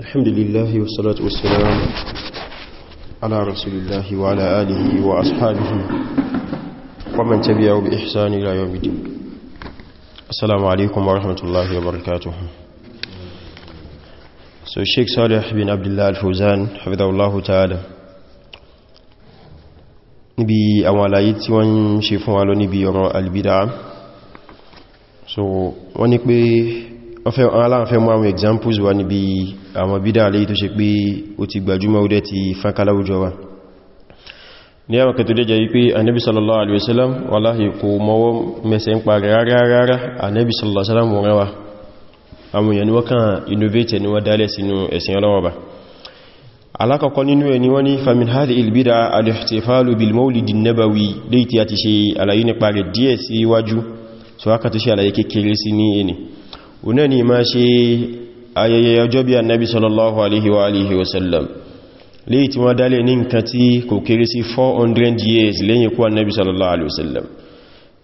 الحمد لله والصلاة والسلام على رسول الله وعلى آله وأصحابه ومن تبعه بإحسان إلى يوم الدين السلام عليكم ورحمة الله وبركاته So Sheikh Salih bin Abdullah al-Fawzan hafidhahullahu ta'ala níbi àwọn àlàyé tí wọ́n ń ṣe fún wa lọ níbi ọ̀rọ̀ al-bid'ah so wọ́n ní pé aláàfẹ́ mú àwọn examples wa níbi àwọn bídá aléyìí tó ṣe pé ó ti gbajúmọ̀ ó dẹ̀ ti fánká wa ní àwọn kẹtò dẹ́jẹ́ wípé anábi sallallahu alaihi wasallam wallahi kò mọ́wọ́ mẹ́sẹ̀ ń parí rárá rárá sallallahu alaihi wasallam wọ́n wa àwọn èèyàn ni wọ́n kàn innovate ni wọ́n dálẹ̀ sínú ẹ̀sìn ọlọ́wọ́ ba alákọ̀ọ́kọ́ nínú ẹni wọ́n ní famin hadi ilbida al-ihtifalu bil maulidin nabawi léètí àti ṣe àlàyé nípa rẹ̀ ni ma ṣe ayẹyẹ ọjọ́ bí annabi sallallahu alaihi wa alihi wasallam léyìí tí wọ́n dálé ní nǹkan tí kò kéré sí 400 years lẹ́yìn kú annabi sallallahu alaihi wasallam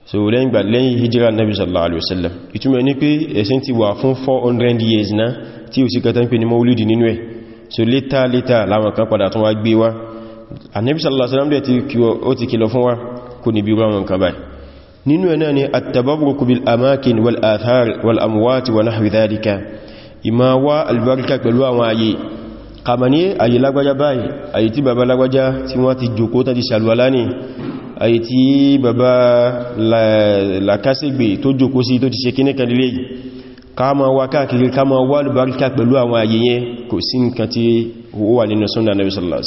so lẹ́yìn gbà lẹ́yìn hijira annabi sallallahu alaihi wasallam ìtumọ̀ ní pé ẹ̀sìn ti wà fún 400 years náà tí ò sí kẹta ń pè ní maulidi nínú ẹ̀ so létà létà láwọn kan padà tún wá gbé wá annabi sallallahu alaihi ti wa náà ni at ìmá wá albarka pẹ̀lú àwọn ayé kàmà ní ayé lágbàjá báyìí ayé tí bàbá lágbàjá tí wọ́n ti jòkó tàbí sàlùwálá ní ayé tí bàbá làkásẹ̀gbè tó jòkó sí tó ti ṣe kíní kan lè kàmà wá káàkiri kàmà wá albarka pẹ̀lú àwọn ayé yẹn kò sí nǹkan tí ó wà nínú sunnah nabi sallallahu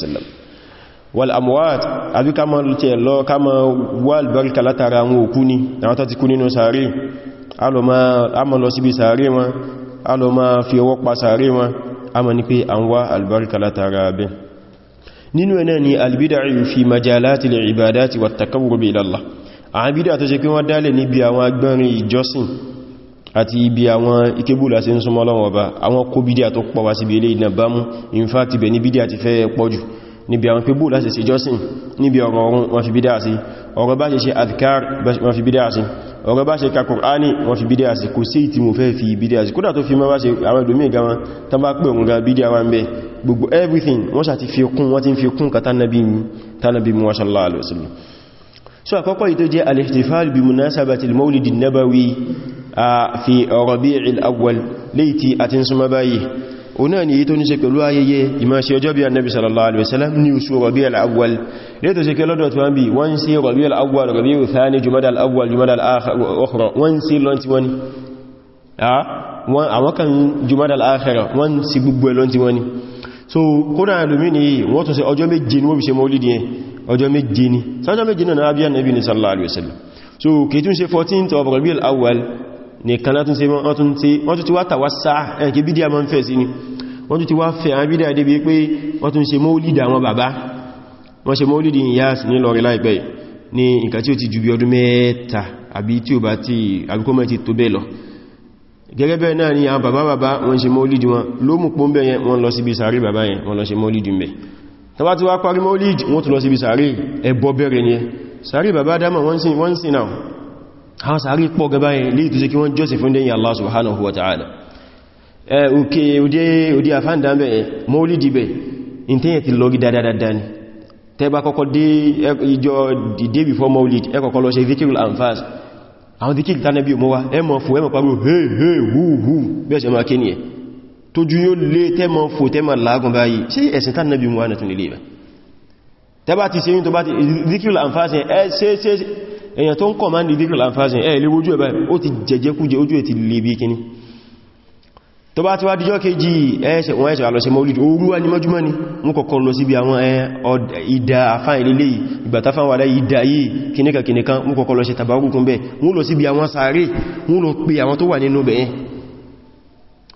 alaihi a lọ máa fi ọwọ́ pa sàárè wọn a mọ̀ ní pé an wá albarka látara abin nínú ẹ̀nà ni albida'u fi majalati al-ibadati wa at-taqarrub ila Allah bídá tó ṣe pé wọ́n dálẹ̀ níbi àwọn agbẹ́rin ìjọsìn àti ibi àwọn ikébùlá sí ń súnmọ́ lọ́wọ́ ọba àwọn kó bídá tó pọ̀ wá sí ibi ilé in fact ibẹ̀ ní bídá ti fẹ́ pọ̀jù níbi àwọn pé bú láti ṣe jọ́sìn níbi ọ̀rọ̀ ọ̀run wọ́n fi bídá sí ọ̀rọ̀ bá ṣe ṣe adhkar wọ́n fi bídá sí ọ̀rọ̀ bá ṣe ka Kùránì wọ́n fi bídá sí kò sí ìtí mo fẹ́ fi bídá sí kódà tó fi mọ́ bá ṣe àwọn ìdòmí everything wọ́n sà ti fi kún wọ́n ti fi kún ka tánàbí mu sallallahu alaihi wasallam so àkọ́kọ́ yìí tó jẹ́ al-ihtifal bi ọ̀nà ni tó ní ṣe pẹ̀lú ayẹyẹ ìmáṣe ọjọ́ bí annabi sallallahu alaihi wasallam ní oṣù rabi al-awwal le tó ṣe ke lọ́dọ̀ tuwan bí wọ́n ṣe rabi al-awwal rabi al-thani jumada al-awwal jumada al-akhira wọ́n ṣe lonti woni a wọ́n àwọn kan jumada al-akhira wọ́n ṣe gbugbo e lonti woni so kódà lómi ni so kìí tún ṣe 14th of rabi al-awwal nìkan látún sí wọ́n tún ti wá tàwásá ẹ̀kì bídíà ma ń fẹ́ sí ni wọ́n tún ti wá fẹ́ àwọn bídíà débi pé wọ́n tún ṣe mọ́lìdì àwọn bàbá wọ́n ṣe mọ́lìdì Ìyáàsì ní lọ́rí láìpẹ́ ní nǹkan tí ó ti ju bí ọdún mẹ́ta ni àwọn bàbá bàbá wọ́n ṣe mọ́lìdì wọn ló mú pọ́ bẹ́ẹ̀ wọ́n lọ síbi sàárì bàbá yẹn wọ́n lọ ṣe mọ́lìdì mẹ́ tàbá tí wá parí mọ́lìdì wọ́n tún lọ àwọn sàárì pọ̀ gaba ilé ìtúsẹ kí Joseph, jọ́sìn fún dẹ́yìn Allah subhanahu wa ta'ala òkè òdí àfáǹdà bẹ̀ mọ́lìdì bẹ̀ in tẹ́yẹ̀ ti lọ gídá da ni tẹ́bà kọ́kọ́ dé ìjọ day before mọ́lìdì ẹkọ̀kọ́ lọ ṣe zikirul anfas àwọn zikir tánàbí mọ́wá ẹmọ fò ẹmọ pàgbò hey hey hu hu bẹ́ẹ̀ ṣe máa kí ni ẹ̀ tó ju yóò lé tẹ́mọ fò tẹ́mọ lágùn báyìí ṣe ẹ̀sìn tánàbí mọ́wá nà tún lè lè bẹ̀ tẹ́bà ti ṣe yí tó bá ti zikirul anfas ẹ̀ ṣe ṣe èyàn tó ń kọ̀ máa ń dìdíkì láfáàzìn ẹ̀ léwójú ẹ̀ báyìí ó ti jẹjẹ kújẹ ojú ẹ̀ ti lè bí kíní tó bá ti wá díjọ́ kejì ẹ̀ẹ́sẹ̀ wọ́n ẹ̀ṣẹ̀ àlọ́ṣẹ́ mọ́lìdì orúwá ní mọ́júmọ́ ni mú kọ̀kọ́ lọ síbi àwọn ìdá àfáà ilé yìí ìgbàtàfà wà láyé ìdá yìí kìníkà kìníkà mú kọ̀kọ́ lọ ṣe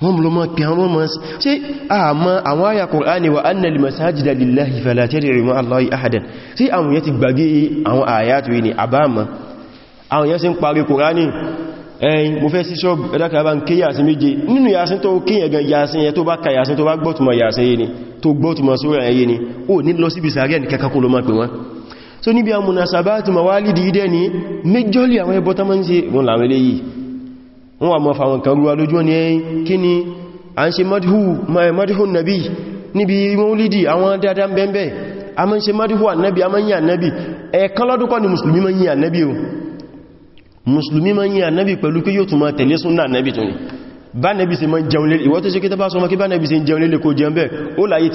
wọ́n lọ mọ́ pí àwọn mọ́ sí àmọ́ àwọn àyà Kùránì wa annal masajida lillahi fala tad'u ma'a Allahi ahadan sí àwọn yẹ́ ti gbàgbé àwọn àyà tó yìí ni àbámọ́ àwọn yẹ́ sí ń parí Kùránì ẹ̀yìn mo fẹ́ sí ṣọ́bù ẹ̀dàkà bá ń ké yàsín méje nínú yàsín tó ké yẹ̀gàn yàsín yẹ tó bá ka yàsín tó bá gbọ́tùmọ̀ yàsín yìí ni tó gbọ́tùmọ̀ so níbi àwọn munasabatu mawalidi idẹ́ ni méjọ́lì àwọn ẹbọ́ta máa ń ṣe wọn làwọn eléyìí wọ́n wà mọ́ fàwọn kan ruwa lójú ní ẹyìn kí ni a ń ṣe madhu nabi níbi maulidi àwọn dáadáa bẹ́ẹ̀bẹ́ a mọ́ ṣe madhu annabi a mọ́ yí annabi ẹ̀kan lọ́dúnkọ́ ni musulmi mọ́ yí annabi o musulmi mọ́ yí annabi pẹ̀lú pé yóò tún máa tẹ̀lé súnnà annabi tún bá nẹ́bí ṣe máa jẹun lélẹ̀ ìwọ́n tó ṣe kíta bá sọmọ kí bá nẹ́bí ṣe jẹun lélẹ̀ kó jẹun bẹ́ẹ̀ ó láyé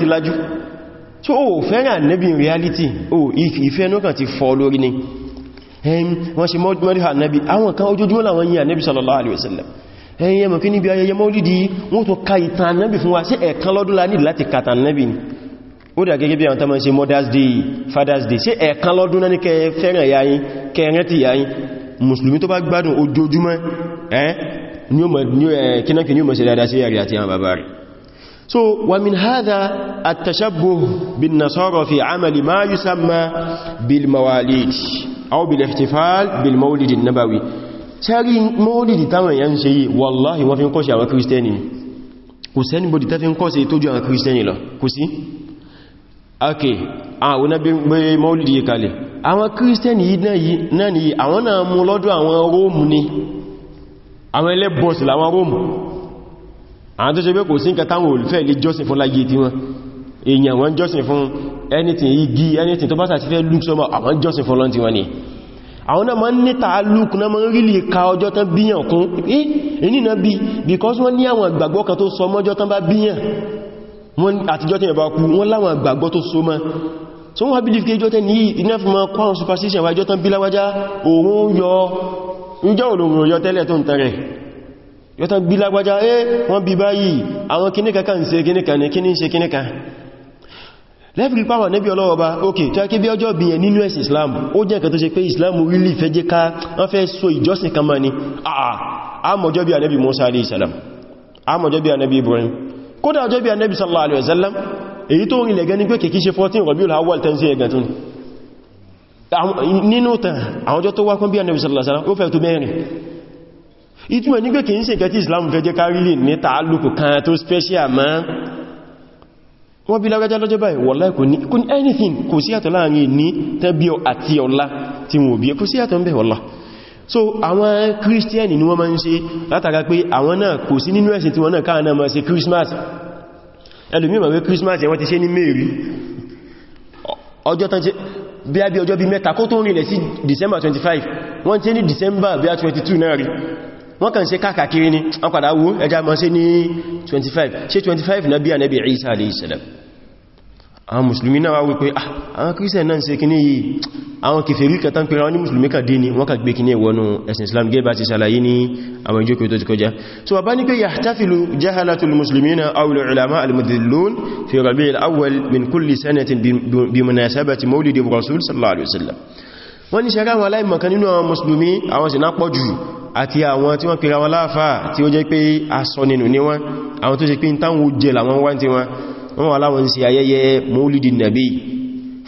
ti so o fẹ́ràn ànábì in reality o ìfẹ́ nókàn ti fọ́ lórí ni ẹ̀yìn wọ́n ṣe mọ́dúnmọ́dún ànábì àwọn kan ojoojúmọ́ làwọn yìí ànábì sallallahu alaihi wasallam ẹ̀yìn ẹmọ̀ kí níbi ayẹyẹ mọ́lìdí wọ́n tó ka ìtàn ànábì fún wa sí ẹ̀kan lọ́dún la ní láti kàtà ànábì ni ó dà gẹ́gẹ́ bí àwọn tamọ́ ṣe mother's day father's day sí ẹ̀kan lọ́dún náà ní kẹ fẹ́ràn yayin kẹ rántí yayin mùsùlùmí tó bá gbádùn ojoojúmọ́ ẹ́ ni ó mọ̀ kí náà kí ni ó mọ̀ sí dáadáa sí ẹ̀rẹ̀ àti àwọn bàbá rẹ̀ so ومن هذا التشبه بالنصارى في عمل ما يسمى بالمواليد أو بالاحتفال بالمولد النبوي sẹ́rí mọ́lìdì táwọn èèyàn ń ṣe yìí wàláhì wọ́n fi ń kọ́ṣe àwọn kírísítẹ́nì kò sẹ́ni bòdì tẹ́ fi ń kọ́ṣe tó jù àwọn kírísítẹ́nì lọ kò sí okay àwọn onábẹ́ mọ́lìdì yìí kalẹ̀ àwọn kírísítẹ́nì yìí náà ni àwọn náà mú lọ́dọ̀ àwọn róòmù ni àwọn ẹlẹ́bọ̀sì làwọn róòmù àwọn tó ṣe pé kò sí nǹkan táwọn olùfẹ́ lè jọ́sìn fún láyé tí wọ́n èèyàn wọ́n jọ́sìn fún anything igi anything tó bá sàti fẹ́ look àwọn jọ́sìn fún lọ́n tí wọ́n ni àwọn náà máa ń níta look náà máa ń rí lè ka ọjọ́ tán bíyàn kún ẹni na bí because wọ́n ní àwọn àgbàgbọ́ kan tó sọ mọ́jọ́ tán bá bíyàn wọ́n àtijọ́ tí ẹ̀bá kú wọ́n láwọn àgbàgbọ́ tó so mọ́ so wọ́n believe pé ìjọ́ tẹ́ ní iná fi mọ́ yọta bí lágbàjá ẹ́ wọ́n bí báyìí àwọn kíníkà ń ṣe kíníkà ní kíní ṣe kíníkà lẹ́fìrí pàwà nẹ́bí ọlọ́wọ́ bá ok tó ẹkẹ́ bí ọjọ́ bí yẹn nínú ẹ̀sìn Islam ó jẹ́ ǹkan tó ṣe pé Islam really fẹ́ jẹ́ ká wọ́n fẹ́ so ìjọsìn kan máa ní àmọ́jọ́ bí anẹ́bí Musa alayhi salam àmọ́jọ́ bí anẹ́bí Ibrahim kódà ọjọ́ bí anẹ́bí sallallahu alayhi wa sallam èyí tó sallallahu alayhi wa sallam ó fẹ́ tó ìtumọ̀ nígbé kìí ṣe kẹtí Islam fẹ́ jẹ́ kárílì ní tààlùkù kan tó special ma wọ́n bí lágbàjá lọ́jọ́ báyìí wallahi kò ní anything kò sí àtọ̀ láàrin ní tẹ́bíọ̀ àti ọlá tí wọ́n bí kò sí àtọ̀ ń bẹ̀ wallahi so àwọn kírísítíẹ̀nì ni wọ́n máa ń ṣe látara pé àwọn náà kò sí nínú ẹ̀sìn tí wọ́n náà káà náà máa ṣe Christmas ẹlòmí ma wé Christmas ẹ̀wọ́n ti ṣe ní Mary ọjọ́ tán ṣe bí i ọjọ́ bí mẹ́ta kó tó rìnlẹ̀ sí December 25 wọ́n ti ní December bí i 22 náà rí wọ́n kàn ṣe káàkiri ni wọ́n padà wú ẹjá mọ́ sí ní 25 ṣe 25 na bí ànábì Isa alayhi salam àwọn musulmi náà wá wípé ah, àwọn kírísẹ̀ náà ṣe kíní yìí àwọn kèfèrí kẹta ń pèrè wọn ní musulmi kan dé ní wọ́n kà gbé kíní ìwọ̀nù ẹ̀sìn Islam gẹ́bà ti ṣàlàyé ní àwọn ìjókòó tó ti kọjá so wà bá ní pé yahtafilu jahalatul muslimina awul ulama al-mudillun fi rabi'il awwal min kulli sanatin bi munasabati mawlidi rasul sallallahu alaihi wasallam wọ́n ni ṣe àti àwọn tí wọ́n pèrè àwọn láàfáà tí ó jẹ́ pé asọ nínú ní wọ́n àwọn tó ṣe pé táwọn jẹ làwọn wá tí wọ́n wọ́n wà láwọn sí ayẹyẹ maulidin nabi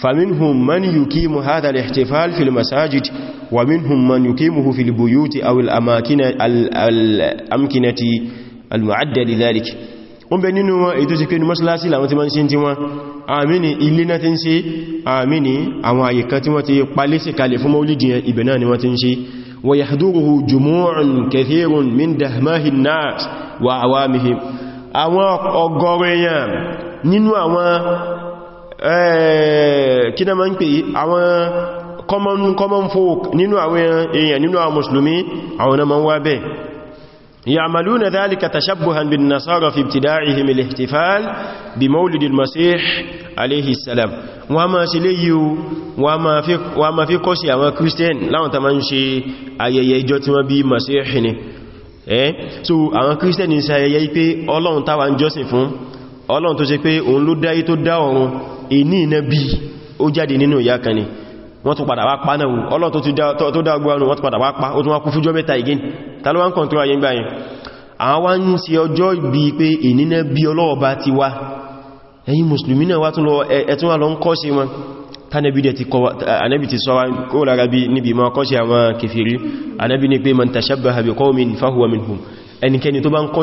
faminhum man yukimu hadha al-ihtifal fil masajid wa minhum man yukimuhu fil buyuti aw al amakina al amkinati al mu'adda li dhalik wọ́n bẹ nínú wọn ti ń ويحضره جموع كثير من دهماه الناس وعوامهم àwọn ọ̀gọ̀rọ̀ èèyàn nínú àwọn eh, kí náà máa ń pè àwọn common folk nínú àwọn èèyàn nínú àwọn mùsùlùmí àwọn náà máa ń wá يعملون ذلك تشبها بالنصارى في ابتداعهم الاحتفال بمولد المسيح عليه السلام وما سليو وما في وما في قوسي àwọn Christian láwọn tá máa ń ṣe ayẹyẹ ìjọ tí wọ́n bí Masih ni eh so àwọn Christian ń ṣe ayẹyẹ pé Ọlọ́run tá wà ń jọ́sìn fún Ọlọ́run tó ṣe pé òun ló dá ayé tó dá ọ̀run ẹni nabi ó jáde nínú ìyá kan ni wọ́n tún padà wá pa náà ọlọ́n tó dágbà ọ̀nà wọ́n tún padà wá pa ó tún wá kú fújọ́ mẹ́ta again tàbí wọ́n kàn tó ráyẹ gbà yìí àwọn wá ń ṣe ọjọ́ ibi pé ìnínà bí ọlọ́ọ̀bá ti wá ẹ̀yin mùsùlùmí náà ẹ̀tún wá lọ ń kọ́ sí wọn tánẹ́bì ti sọ wá kó lára bí níbi ma kọ́ sí àwọn kèfèrí anẹ́bì ní ń kọ́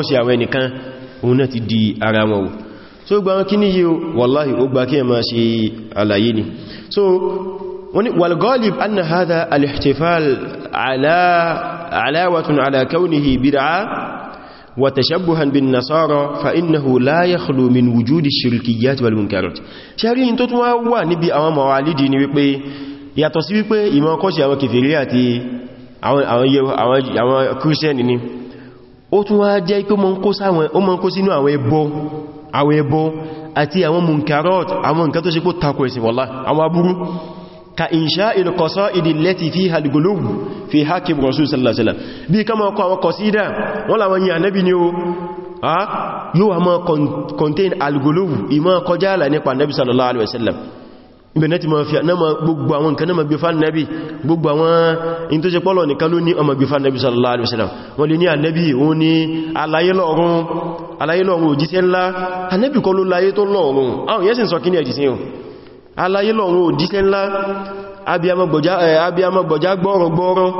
so gbọ́n kí ní yíò wallahi ó gbá kí ẹ máa so والغالب أن هذا الاحتفال على علاوة على كونه بدعة وتشبها بالنصارى فإنه لا يخلو من وجود الشركيات والمنكرات ṣẹ́rí in tó tún wá níbi àwọn mọ̀wàlìdì ni wípé yàtọ̀ sí wípé ìmọ̀ kọ́ṣì àwọn kèfèrí àti àwọn kírísẹ́nì ni ó tún wá jẹ́ pé ó mọ́ kó sínú àwọn ẹbọ àti àwọn munkarot àwọn nǹkan tó ṣe kó takò ẹ̀sìn àwọn aburú كإنشاء القصائد التي فيها القلوب في حاكم الرسول صلى الله عليه وسلم bí ká máa kọ àwọn قصيدة wọ́n láwọn yìí ànábì ni ó yóò máa contain al-gulub ìmọ̀ kọjá àlà nípa ànábì sallallahu alaihi wasallam ibẹ̀ náà ti ma fi náà gbogbo àwọn nǹkan náà ma gbé fà náàbì gbogbo àwọn in tó ṣe pọ́lọ̀ nìkan ló ní ọmọ gbé fà náàbì sallallahu alaihi wasallam wọ́n lè ní ànábì òun ni alayélọ́run òjíṣẹ́ aláyé lọ́run òjíṣẹ́ ńlá abiyamọ gbọ̀já gbọ́rọ̀gbọ́rọ̀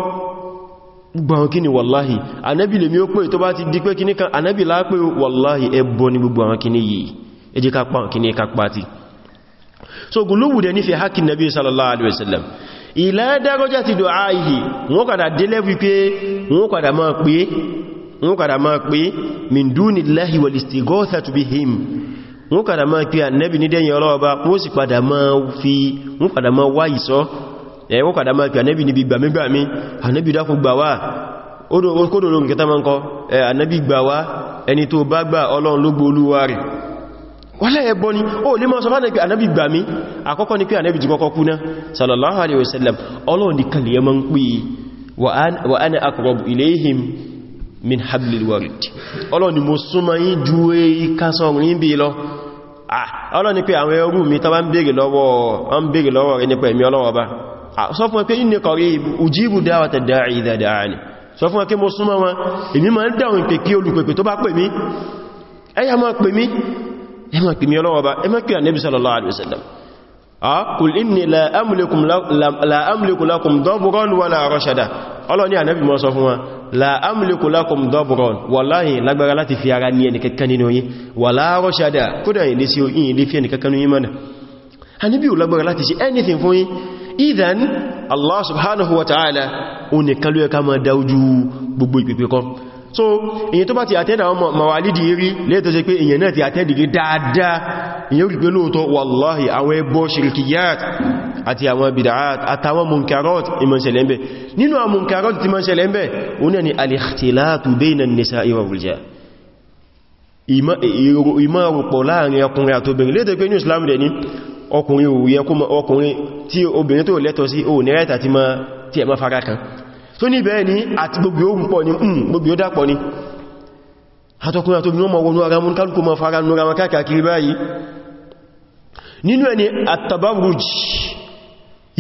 gbọ́n kí ni wàláhì anẹ́bì lèmi ó pè tó bá ti di pé kí ní kan anẹ́bì lápé wàláhì ẹbọ ní gbogbo àwọn kíní yìí ẹjí ká pàwọn kíní ká pàtí so gùlúwùdẹ nífẹ̀ẹ́ hakin nabi sallallahu alaihi wasallam ila darajati du'aihi wọ́n kàdà délẹ̀ wípé wọ́n kàdà máa pé min dunillahi wal istighathatu bihim wọ́n kàdà máa pé ànẹ́bì ní dẹ́yìn ọlọ́ọba wọ́n sì padà máa fi wọ́n padà máa wá ìsọ́ ẹ̀wọ́n kàdà máa pé ànẹ́bì níbi gbàmígbàmí ànẹ́bì dákùn gbà wá kódòrò nkẹta máa ń kọ ànẹ́bì gbà ni ó lè máa sọ fánà pé ànẹ́bì gbà mí àkọ́kọ́ ni min hablil warid ọlọ́run ni mo súnmọ́ yín ju ika sọ̀rọ̀ yín bí lọ ah, ọlọ́run ni pé àwọn ẹrú mi tán bá ń bèèrè lọ́wọ́ rẹ̀ nípa ẹ̀mí ọlọ́run ọba ah, sọ fún pé inni qarib ujibu da'wata da'i idha da'ani sọ fún pé mo súnmọ́ wọn èmi máa ń dáhùn pé kí olùpẹ̀pẹ̀ tó bá pè mí ẹyà máa pè mí ẹ máa pè mí ọlọ́run ọba ẹ máa pè ànábì sallallahu alaihi wasallam kùl ah, inni la la amliku lakum dabran wallahi lágbára láti fi ara ní ẹnìkankan nínú yín wala rashada kódà yìí lè sí òyìn lè fi ẹnìkankan nínú yín mọ́nà a níbi ò lágbára láti ṣe anything fún yín idan allah subhanahu wa ta'ala o ní kalu ẹka so èyàn tó bá ti àtẹ́dà àwọn mawalidi rí lẹ́tọ́ sí pé èyàn náà àti àwọn bid'at àtàwọn munkarot ìmọ̀ṣẹ̀lẹ̀ ẹ̀bẹ̀ nínú àwọn munkarot ti mọ̀ṣẹ̀lẹ̀ ẹ̀bẹ̀ òun ni al-ikhtilatu bayna an-nisa'i wa rijal ìmọ̀ rọ̀pọ̀ láàrin ọkùnrin àti obìnrin lédè pé ní Islam dẹ̀ ní ọkùnrin ò yẹ kó ọkùnrin tí obìnrin tó lẹ́tọ̀ sí ò ní rẹ́ta tí ẹ má fara kan tó ní bẹ́ẹ̀ ní àti gbogbo mm, nínú ẹni àtàbárùjì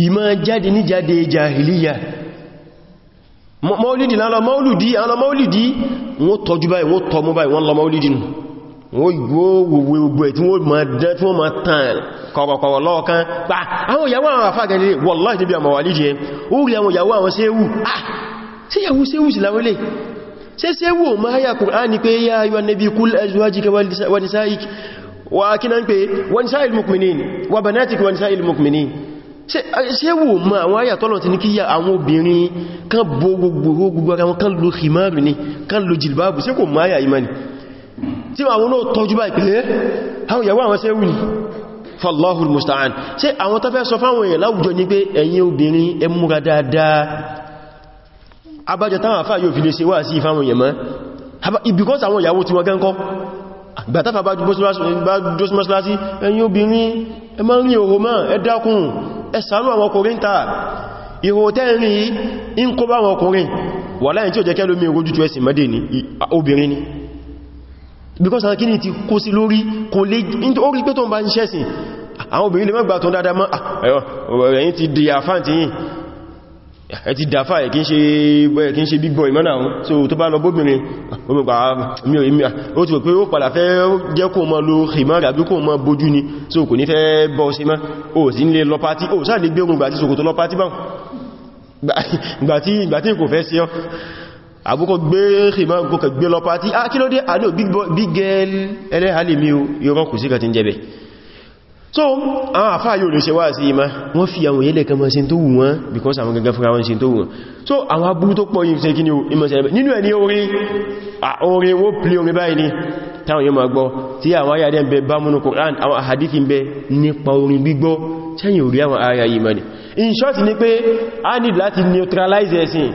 ìmọ̀ jáde ní jáde jahiliya maulidi lọ maulidi àwọn maulidi wọ́n tọ́jú báyìí wọ́n tọ́ mú báyìí wọ́n lọ maulidi nù wọ́n gbogbo gbogbo ẹ̀ tí wọ́n ma dán tí wọ́n ma tàn kọ̀kọ̀kọ̀rọ̀ lọ́ọ̀kan pa àwọn ìyàwó àwọn àfá gẹ̀lẹ̀ wallahi níbi àmà wà lídìí ẹ ó rí àwọn ìyàwó àwọn séwù ah sí ìyàwó séwù sí láwọn ilé ṣe séwù ma háyà Kùránì pé yá ayọ́ nabi kul ṣe wò mọ́ àwọn àyà tọ́lọ̀ ti ní kí yà àwọn obìnrin kan bo gbogbo gbogbo ara wọn kan lo himaru ni kan lo jilbabu ṣe kò mọ́ àyà imani tí àwọn náà tọ́jú bá ìpìlẹ̀ àwọn ìyàwó àwọn ṣe wù ní fallahul musta'an ṣe àwọn tafẹ́ sọ fáwọn èèyàn láwùjọ ní pé ẹ̀yin obìnrin ẹ múra dáadáa abájọ táwọn àfáà yóò fi lè ṣe wá sí ìfáwọn gbàtàfà bá dúsmọ́sílásí ẹ̀yin obìnrin ẹ rí òhò máa ẹ ẹ̀sànú àwọn ọkùnrin tàà ihò tẹ́rin yìí ń kó bá àwọn ọkùnrin wà láyìn tí ó jẹ́ kẹ́lú mi rojú tó ẹ̀sìn mẹ́dẹ̀ ni obìnrin ni because àwọn kíni ti kó sí lórí kò lè ó rí pé tó ń bá ń ṣẹ́sìn àwọn obìnrin lè mẹ́gbà dáadáa mọ́ ah, ẹ ti dáfà ẹ̀ ń ṣe big boy mọ́nà àwọn so tó bá lọ bóbìnrin ọmọgbà ah, mi ò ìmìyà ó ti rò pé ó padà fẹ́ jẹ́ kó mọ́ lo himar àbí kó mọ́ bójú ni so kò ní fẹ́ bọ́ sí mọ́ ó sì nílé lọ pátí ó sáà lè gbé ohun gbàtí sòkòtò lọ pátí báhùn gbàtí kò fẹ́ sí ọ àbúkọ gbé himar kò kẹ big girl ẹlẹ́hàlì mi ò yọrọ kò so àwọn àfáà yóò lè ṣe wá sí ìmá wọ́n fi àwọn yẹ́lẹ̀ kan mọ́sí tó wù wọ́n because àwọn gẹ́gẹ́ fúnra wọ́n sí tó wù wọ́n so àwọn abúrú tó pọ̀ yìí ṣe kí ni ìmọ̀sẹ̀lẹ̀ nínú ẹni orin orin wó plé orin báyìí ni táwọn yóò máa gbọ́ tí àwọn ayà dẹ́ ń bẹ bá múnú Qur'an àwọn àhàdífì ń bẹ nípa orin gbígbọ́ tẹ́yìn orí àwọn ayà yìí mọ́ ni in short ni pé a need láti neutralize ẹ̀sìn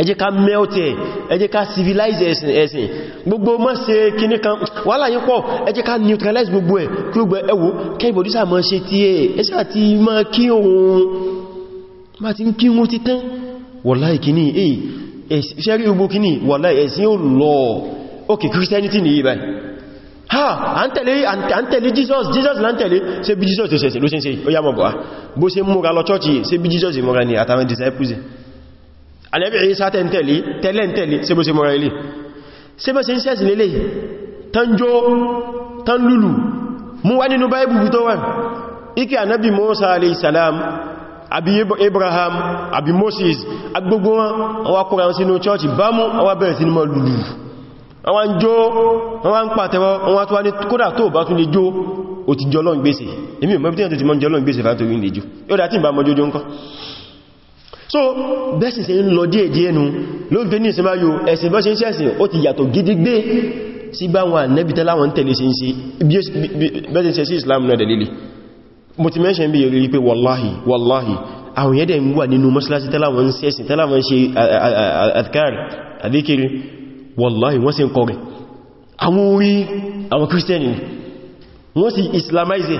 ẹ jẹ́ ká mẹ́ọ̀tẹ̀ ẹ ká civilize ẹ̀sìn ẹ̀sìn gbogbo mọ́ ṣe kíní kan wàhálà yín pọ̀ ẹ ká neutralize gbogbo ẹ̀ kí ó gbẹ ẹwò kẹ́bọ̀dí sàmọ́ ṣe tí ẹ ẹsẹ́ àti mọ́ kí ohun má ti ń kí wọ́n ti tán wàláì kíní eh, ṣẹ́rí gbogbo kíní wàláì ẹ̀sìn ò lọ Christianity ni yìí ha à ń Jesus Jesus là ń tẹ̀lé Jesus ló ṣe ló ṣe ń ṣe ó yá mọ̀ bọ̀ bó Jesus múra ni àtàwọn disciples Ànábì Ìsá tẹ́ntẹ̀lé tẹ́lẹ̀ntẹ̀lé síbò sí mọ́ra ilé síbò sí ń sẹ́sì lélẹ̀ tánjó tán lùlù mú wá nínú báyìbù ike Ànábì Mùsá alayhi salam àbí Abraham àbí Moses agbogbo wọn wá kóra wọn sínú chọ́ọ̀chì bámú wá bẹ̀rẹ̀ sí ní awa lùlù wọ́n awa wọ́n pàtẹ́wọ́ wọ́n tó wá ní kódà tó bá tún lè jó ò ti jọlọ́n gbèsè èmi ò mọ̀ bí tí wọ́n ti mọ́ jọlọ́n gbèsè fàtòrí lè jù ó dá tí ìbá mọ́ jójó so bẹ́sì ṣe ń lọ díẹ̀ díẹ̀ nu ló ń fi ní ìsinmá yóò ẹ̀sìn bọ́ ṣe ń ṣẹ́sìn ó ti yàtọ̀ gidi gbé sí bá wọn ànẹ́bìtẹ́ láwọn ń tẹ̀lé bẹ́sì ṣe sí Islam náà dalili mo ti mẹ́ṣẹ́ bí yẹ̀rí pé wallahi wallahi àwọn yẹ́dẹ̀ ń wà nínú mọ́sílásí tẹ́láwọn ń ṣẹ́sìn tẹ́láwọn wallahi wọ́n sì ń kọrin àwọn orí àwọn kírísítẹ́nì wọ́n sì islamize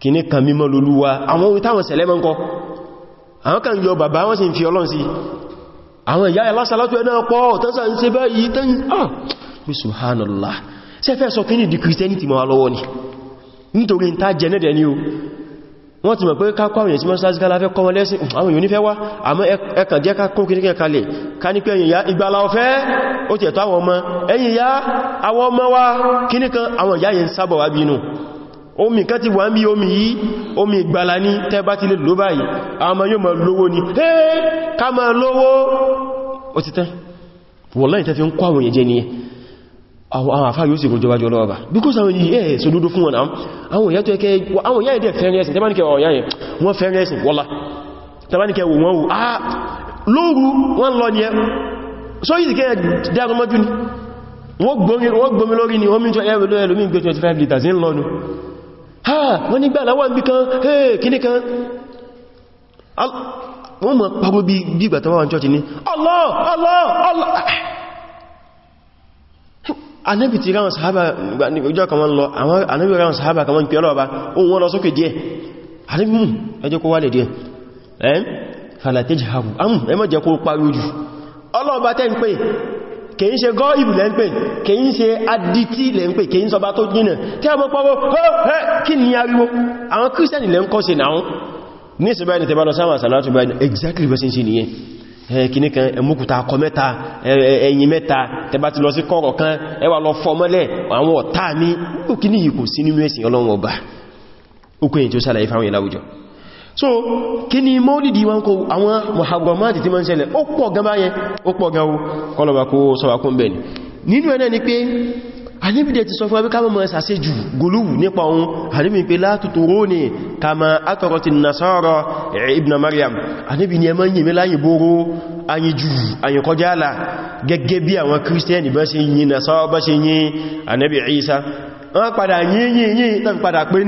kìní kan mímọ́ táwọn sẹ̀lẹ́mọ́ ń àwọn kan yọ bàbá wọ́n sì ń fi ọlọ́n sí àwọn ìyá alásàlátù ẹ̀nà pọ̀ tánṣà ń ṣe báyìí tánṣà ah subhanallah ṣe fẹ́ sọ kíní di christianity ma lọ́wọ́ ni nítorí ń tá jẹ́nẹ́dẹ̀ ni o wọ́n ti mọ̀ pé kákọ́ àwọn ìsinmọ́ sáàsì kálá fẹ́ kọmọ lẹ́sìn hm, àwọn yóò nífẹ́ wá àmọ́ ẹkàn jẹ́ kákún kìí kẹ́ kalẹ̀ ká ní pé ẹ̀yìnyà ìgbàlá ọ̀fẹ́ ó tẹ̀tọ́ àwọn ọmọ ẹ̀yìnyà àwọn ọmọ wá kíníkan àwọn ìyá yẹn sábọ̀ wá bínú omi kan ti wà ń bí omi yìí omi ìgbàlà ní tẹ́bá ti lè lò báyìí àwọn yóò mọ̀ lówó ní hey ká mọ̀ lówó ó ti tán wọ́láyìn tẹ́ fi ń kọ́ àwọn èjẹ́ ni àwọn àfá yóò sì kò jọba jọlọ because àwọn yìí ẹ̀ sódúdú fún wọn àwọn ìyá tó ẹkẹ́ àwọn ìyá ìdẹ̀ fẹ́rẹ́sìn tẹ́bánikẹ́ wọ́n yáyìn wọ́n fẹ́rẹ́sìn wọ́lá tẹ́bánikẹ́ wọ́n wọ́n ah lóòrù wọ́n lọ ní ẹ so yìí kẹ́ dágbọ́mọ́jú ni wọ́n lórí ni omi jọ ẹ̀rọ lórí 25 litres ń lọ́nu ha wọ́n nígbà láwọ́ bí kan hey kíní kan wọ́n mọ̀ pàgbó bí ìgbà tó wọ́n chọ́chì ní Allah Allah Allah anẹ́bì ti ráwọn sàhábà ìjọ kan wọ́n lọ àwọn anẹ́bì ráwọn sàhábà kan wọ́n pẹ̀lú ọba ohun wọ́n lọ sókè díẹ̀ anẹ́bì mú hmm, ẹjọ́ kó wálẹ̀ díẹ̀ ẹ́ falatẹ́jì haru hmm, amù ẹ má jẹ́ kó pariwo jù ọlọ́ọ̀bá tẹ́ ń pè kìí ṣe gọ́ ìbù lẹ́ǹpẹ̀ kìí ṣe adití lẹ́ǹpẹ̀ kìí sọba tó jìnà tí a mọ́ pọ́wọ́ ẹ́ kí ni ariwo àwọn kírísẹ̀nì lẹ́ǹkọ́ sí náà ní ìsìnbá ẹni sáwọn àsàlátù exactly bẹ́ẹ̀ sí ṣe nìyẹn kìní kan ẹmúkùta akọ mẹ́ta ẹ̀yìn mẹ́ta tẹbá ti lọ sí kọ́rọ̀ kan ẹwà lọ fọmọ́lẹ̀ àwọn ọ̀tá mi ó kìí yìí kò sí tó sálàyé fáwọn so kí ni mọ́lìdì wọn kò àwọn mọ̀hàgbọ̀máàtì tí ma ń ṣẹlẹ̀ ó pọ̀ gan báyẹn ó pọ̀ gan kọlọ̀bà kó sọ́wàkún bẹ̀ni nínú ẹ̀nà ni pé alébìdẹ̀ ti sọ fún abíká mọ́ ṣàṣẹ́ jù gòlúwù nípa ohun alébì pé látùtòrò Maryam alébì ni ẹmọ́ yìí láyé bóró ayíjú ayíkọjá àlà gẹ́gẹ́ bí àwọn kírísítẹ́nì bá ṣe yìn nasara bá ṣe yìn anẹ́bì Isa wọ́n padà yìn yìn yìn tàbí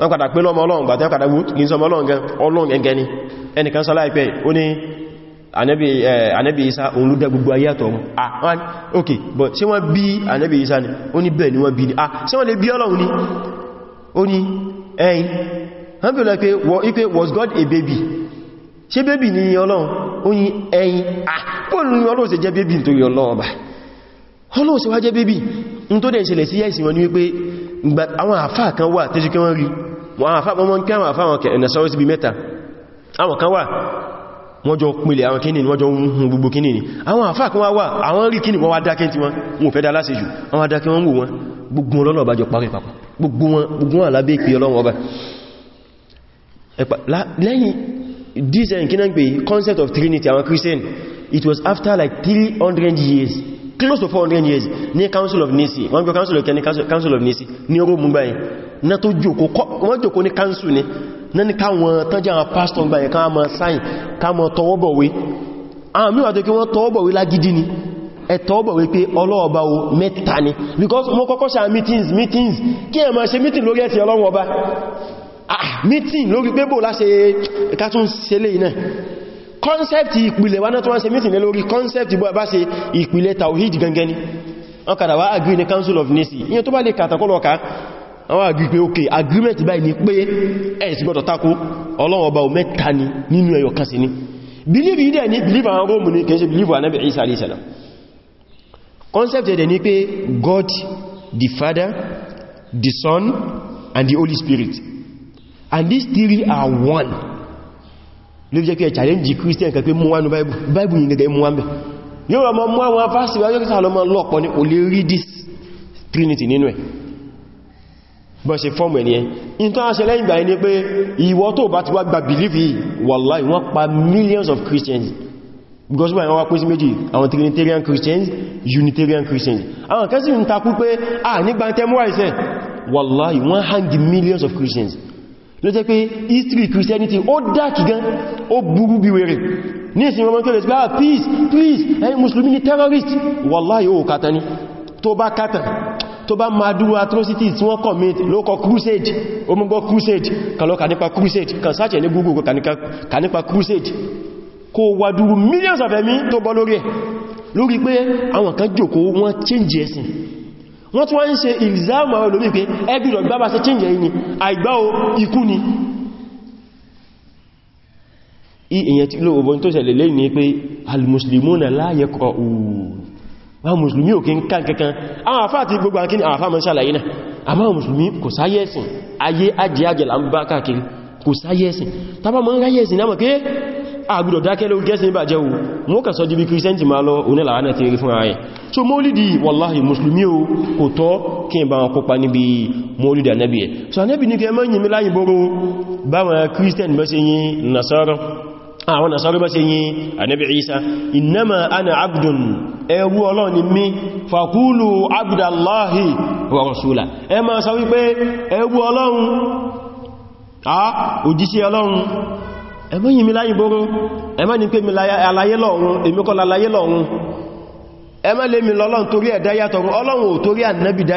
wọ́n padà pé lọ́mọ ọlọ́run gbàtí wọ́n padà kí n sọ ọlọ́run gẹ́gẹ́ ni ẹnìkan sọ láìpẹ́ ó ní ànábì isa òun ló dá gbogbo ayé àtọ̀ wọn ah ok but ṣé wọ́n bí ànábì isa ni ó ní bẹ́ẹ̀ ni wọ́n bí ni ah ọlọ́run ni was God a baby ṣé baby ni ọlọ́run ó ní ẹ̀yìn ah pọ́ọ̀lù baby nítorí ọlọ́run ọba ọlọ́run ṣe wá jẹ́ baby n tó dẹ̀ ìṣẹ̀lẹ̀ sí ẹ̀sìn wọn ni wípé àwọn àfáà kan wà tẹ́jú kí wọ́n rí wọ́n wọ́n kí àwọn àfáwọn ẹ̀nàṣọ́wọ́sí bí mẹ́ta àwọn kan wà wọ́n jọ pínlẹ̀ àwọn kíní wọ́n jọ ohun gbogbo kíní ni àwọn àfá kan wà àwọn rí kíní wọ́n wá dákẹ́ tí wọ́n wọ́n fẹ́ dá lásìjù àwọn adákẹ́ wọ́n wò wọn gbogbo ọlọ́nà ọba jọ parí papọ̀ gbogbo wọn alábẹ́ ìpè ọlọ́run ọba lẹ́yìn this eh, kíná pé concept of Trinity àwọn Christian it was after like 300 years close to 400 years ní Council of Nicaea wọ́n gbọ́ Council of Nicaea ní Rome gbáyìn na tó jòkó wọ́n jòkó ní káńsù ni na ní káwọn tánjẹ́ àwọn pastor gbáyẹ káwọn mọ̀ sáyìn káwọn tọwọ́bọ̀wé àwọn mìíràn tó kí wọ́n tọwọ́bọ̀wé lágídí ni ẹ tọwọ́bọ̀wé pé ọlọ́ọ̀bá o mẹ́ta ni because mo kọ́kọ́ ṣe meetings meetings kí ẹ máa ṣe meeting lórí ẹ̀sìn ah meeting lórí pé bò láṣe kátún ṣe lè concept ìpìlẹ̀ wá náà tó wá ṣe meeting concept bó tawhid gangan ni wọ́n kàdà wá council of nisi ìyẹn tó bá lè kàtàkọ́lọ́ka àwọn àgbí pé ok agreement báyìí ni pé ẹ̀sì gbọ́dọ̀ tako Ọlọ́run ọba mẹ́ta ni nínú ẹyọ kan sí ni believe ìdẹ̀ ni believe àwọn Róòmù ni kìí ṣe believe Ànábì Isa alayhi salam concept ẹ̀dẹ̀ ni pé God the Father the Son and the Holy Spirit and these three are one ló jẹ́ pé ẹ̀ challenge Christian kan pé mú Bible Bible yìí gẹ́gẹ́ mú wá mẹ́ yóò rọ mọ́ mú àwọn fásitì wáyé kí sáà lọ mọ́ this Trinity nínú ẹ̀ bọ́ ṣe fọ́mù ẹni ẹ in tó aṣẹ lẹ́yìn ìgbà ní pé ìwọ tó bá ti wá gba believe wallahi wọ́n pa millions of Christians because wọ́n wá pín sí méjì àwọn Trinitarian Christians Unitarian Christians àwọn kan sì ń takú pé à nígbà tẹ́múwà ìṣẹ́ wallahi wọ́n hang millions of Christians ló jẹ́ pé history Christianity ó dákì gan ó burú bí wèrè ní ìsìn roman catholic ah, peace peace ẹ̀yin Mùsùlùmí ni terrorist wallahi ó kàtà ni tó bá kàtà tó bá máa dúró atrocities tí wọ́n commit lókọ crusade o mọ́gbọ́ crusade kàlọ́ kànípa crusade kan sáàtẹ̀ ní google kànípa crusade kó wà dúró millions of ẹ̀mí tó bọ́ lórí ẹ̀ lórí pé àwọn kan jòkó wọ́n change ẹ̀sìn wọ́n tún wá ń ṣe ìlzáàmù àwọn olómi pé ẹgbìrọ̀ gbábá sí change ẹ̀yìn àìgbá o ikú ni ìyẹn tí lóòbọn tó ṣẹlẹ̀ lẹ́yìn ni pé al-muslimuna la yaqra'un àwọn mùsùlùmí ò kí ń kàn kankan àwọn àfáà ti gbogbo àkíní àwọn àfáà mọ́ ṣàlàyé náà àwọn mùsùlùmí kò sáyẹ́sìn ayé ajẹ́ajẹ́ là ń bá káàkiri kò sáyẹ́sìn tàbá mọ́ ń ráyẹ́sìn náà pé àgbùdọ̀ dákẹ́ ló gẹ́sìn bà jẹ́ o wọ́n kà sọ so mọ́lìdì wàláhì mùsùlùmí o kò tọ́ kí n bá wọn kópa níbi so ànẹ́bì ní kẹ mọ́ yìí láyìnbóró báwọn kìrìsẹ́ntì nasara àwọn àsọ́rọ̀ bá ṣe yìn ànábì Isa innama ana abdùn ẹrú Ọlọ́run ni mí faqulu abdallahi wa rasula ẹ ma sọ wípé ẹrú Ọlọ́run a òjíṣẹ́ Ọlọ́run ẹ má yìn mí láyìn bóró ẹ má ní pé mi aláyé lọ́run èmi láyé lọ́run ẹ má mi lọ́lọ́run torí ẹ̀dá yàtọ̀run Ọlọ́run ò torí ànábì dá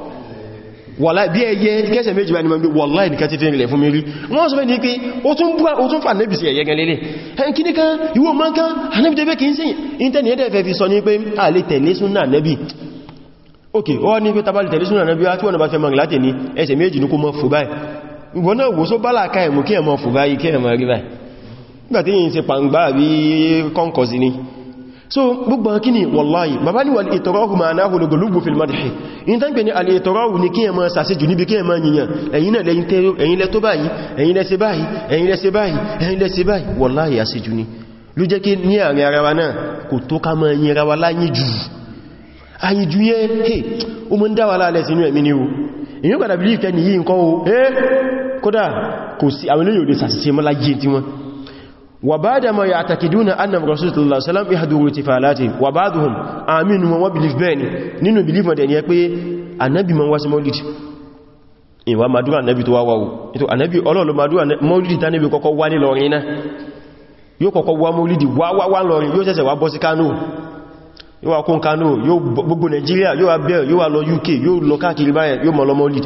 wàlá bí ẹyẹ kẹsẹ̀ méjì bá ni mọ́bí wàlá ìdíkà ti fi rìnlẹ̀ fún mi rí wọ́n sọ fẹ́ ní pé ó tún búra ó tún fà nẹ́bì sí ẹ̀yẹ gẹlẹ́lẹ́ ẹn kí ní kan ìwò máa kan anẹ́bìdẹ́bẹ́ kìí sí ìntẹ́ni ẹ̀dẹ́ fẹ́ fi sọ ní pé a lè tẹ̀lé súnà nẹ́bì ok ó ní pé tabali tẹ̀lé súnà nẹ́bì tí wọ́n bá ni so gbogbo kini wallahi bàbá ní wal-itrahu ma'nahu al-ghulubu fil madhi in tan pè ní al-itrahu ní kíyàn máa sàṣejù níbi kíyàn máa yìnyàn ẹ̀yin náà lẹ́yìn tẹ́rọ ẹ̀yin lẹ́ tó báyìí ẹ̀yin lẹ́ ṣe báyìí ẹ̀yin lẹ́ ṣe báyìí ẹ̀yin lẹ́ ṣe báyìí wallahi àṣejù ni ló jẹ́ kí ní àárín ara wa náà kò tó ká máa yin ara wa láyín jù ayin jù yẹ́ he o mọ́ ń dá wa láàlẹ́ sínú ẹ̀mí ni o èyí padà bí i kẹ́ nìyí nǹkan o eh kódà kò sí àwọn olóyìn òde sàṣìṣe mọ́ láyé tí wọ́n وبعدما يعتقدون أن الرسول صلى الله عليه وسلم يهدر اتفالاته وبعضهم آمين وما بليف بني نينو بليف ما دنيا pé Ànábì man wasi maulid in wa madura Ànábì tó wá wá o ito Ànábì ololo madura maulid ta Ànábì kọ́kọ́ wá ní Ìlọrin náà yó kọ́kọ́ wá maulid wá wá wá Ìlọrin yó ṣẹ̀ṣẹ̀ wá bọ́ sí Kano yó wá kon Kano yó gbogbo Nigeria yó wá be yó wá lọ UK yó lọ káàkiri bayan yó mọ̀ lọ maulid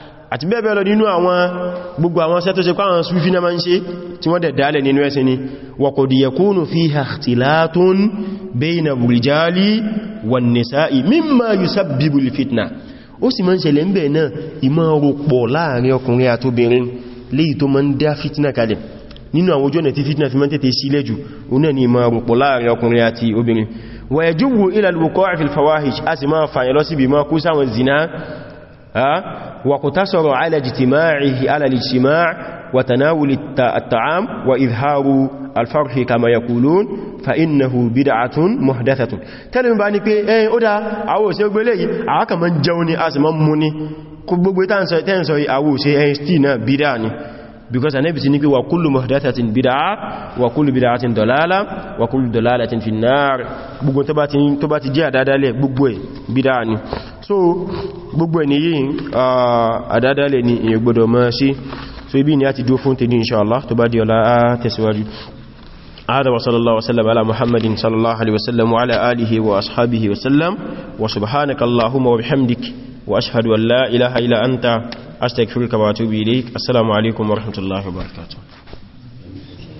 àti bẹ́ẹ̀bẹ́ẹ̀ lọ nínú àwọn gbogbo àwọn ṣẹ́ tó ṣe pàwọn Sufi náà máa ń ṣe tí wọ́n dẹ̀ dálẹ̀ nínú ẹ̀sìn ni wa qad yakunu fiha ikhtilatun bayna rijali wan fitna ó sì máa ń ṣẹlẹ̀ ń bẹ̀ fitna kalẹ̀ nínú àwọn ojú fitna fi máa ń tètè sílẹ̀ jù òun náà ni ila al-wuqa'i fil fawahish a sì máa fàyẹ̀ واقتصر على اجتماعه على الاجتماع وتناول الطعام وإظهار الفرح كما يقولون فإنه بدعة محدثة تلم باني بي ايه اودا awó ṣe gbélé yìí àwákà ma ń jẹun ni a sì ma ń mú ní gbogbo tẹ́ǹsọ àwó ṣe ẹ̀yìn stí náà bídá ni because anabi ti ní pé wa kullu muhdathatin bid'a wa kullu bid'atin dalala wa kullu dalalatin fi an-nar gbogbo tó bá ti jẹ́ àdádálẹ̀ gbogbo ẹ̀ bídá ni so gbogbo ẹni yìí àdádálẹ̀ ni èyàn gbọdọ̀ mọ́ sí so ibi ni a ti dúó fún tèdí inṣàlá tó bá di ọlá a tẹ̀síwájú هذا وصلى الله وسلم على محمد صلى الله عليه وسلم وعلى آله وأصحابه وسلم وسبحانك اللهم وبحمدك وأشهد أن لا إله إلا أنت أستغفرك وأتوب إليك السلام عليكم ورحمة الله وبركاته